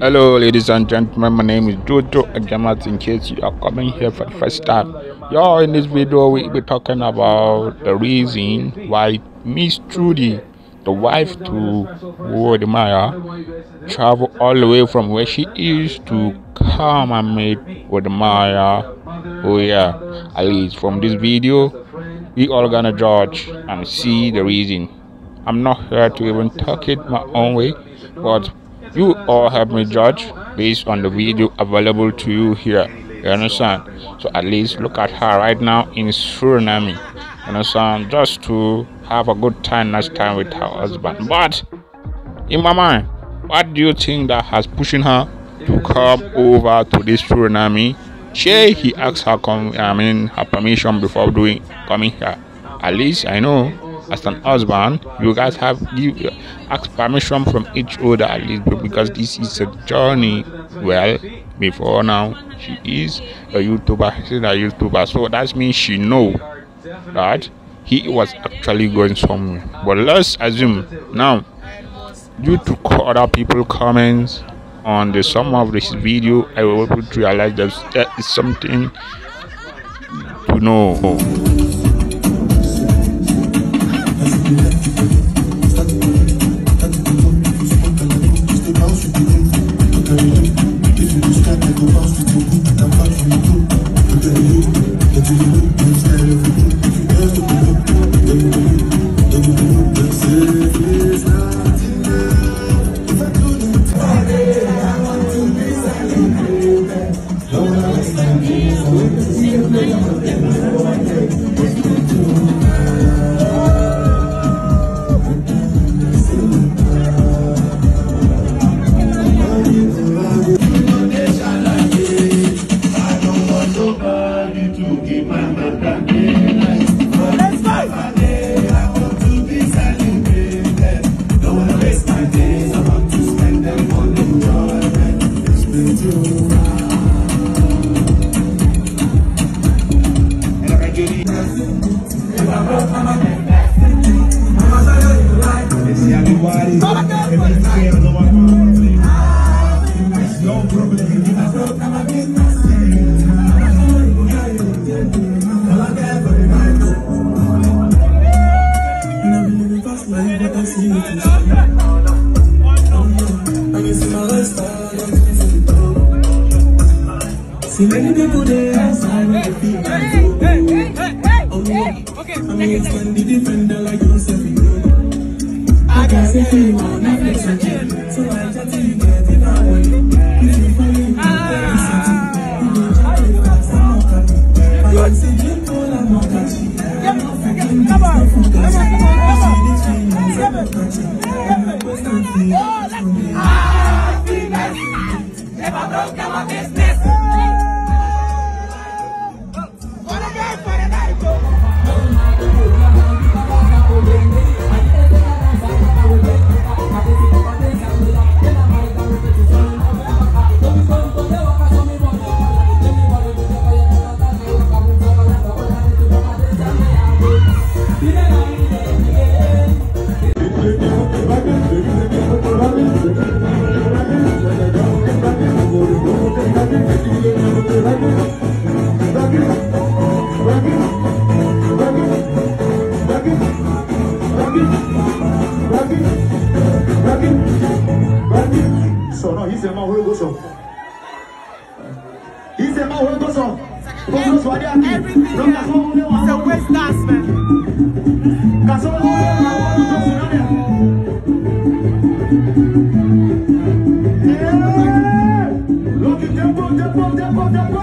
Hello ladies and gentlemen, my name is Jojo Agamat in case you are coming here for the first time. Y'all in this video we'll be talking about the reason why Miss Trudy the wife to Wadimaya travel all the way from where she is to come and meet Wadimaya. Oh yeah, at least from this video, we all gonna judge and see the reason. I'm not here to even talk it my own way, but you all help me judge based on the video available to you here. You understand? So at least look at her right now in Suriname you know, son, just to have a good time next time with her husband. But in my mind, what do you think that has pushing her to come over to this tsunami? She he asked her com- I mean her permission before doing coming here. At least I know as an husband you guys have give ask permission from each other at least because this is a journey. Well, before now she is a YouTuber, she's a YouTuber, so that means she know that he was actually going somewhere but let's assume now due to other people comments on the sum of this video i was able to realize that that is something to know This is See many people there outside with the feet Oh yeah, okay. I mean it's when the defender like yourself you know I got say you on Netflix again So I just see you get it way If you find me, I'm I'm not happy But i you. everything a waste dance, man. Yeah! Look at tempo, tempo, tempo, tempo!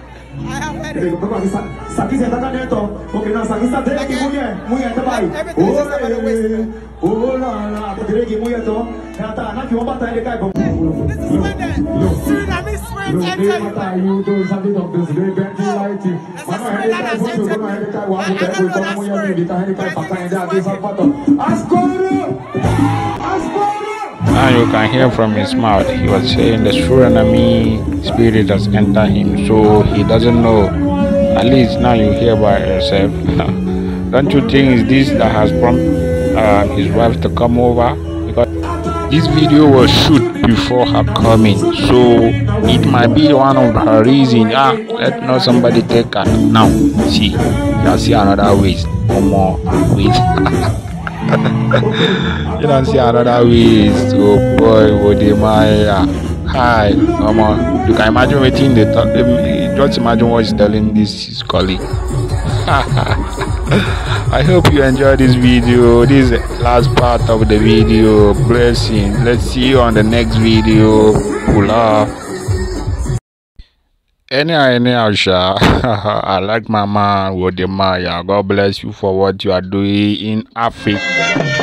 Sakit saya takkan This is Sweden Tsunami spread enter you and you can hear from his mouth he was saying the enemy spirit has entered him so he doesn't know at least now you hear by yourself don't you think is this that has prompted uh, his wife to come over because this video was shoot before her coming so it might be one of her reason ah let not somebody take her now see you see another waste or more ah, waste you don't see another ways to oh boy Maya! Hi, on. You can imagine waiting the talk. Just imagine what he's telling this his colleague. I hope you enjoyed this video. This last part of the video. Blessing. Let's see you on the next video. Pull up. Any any sha i like mama Maya. god bless you for what you are doing in africa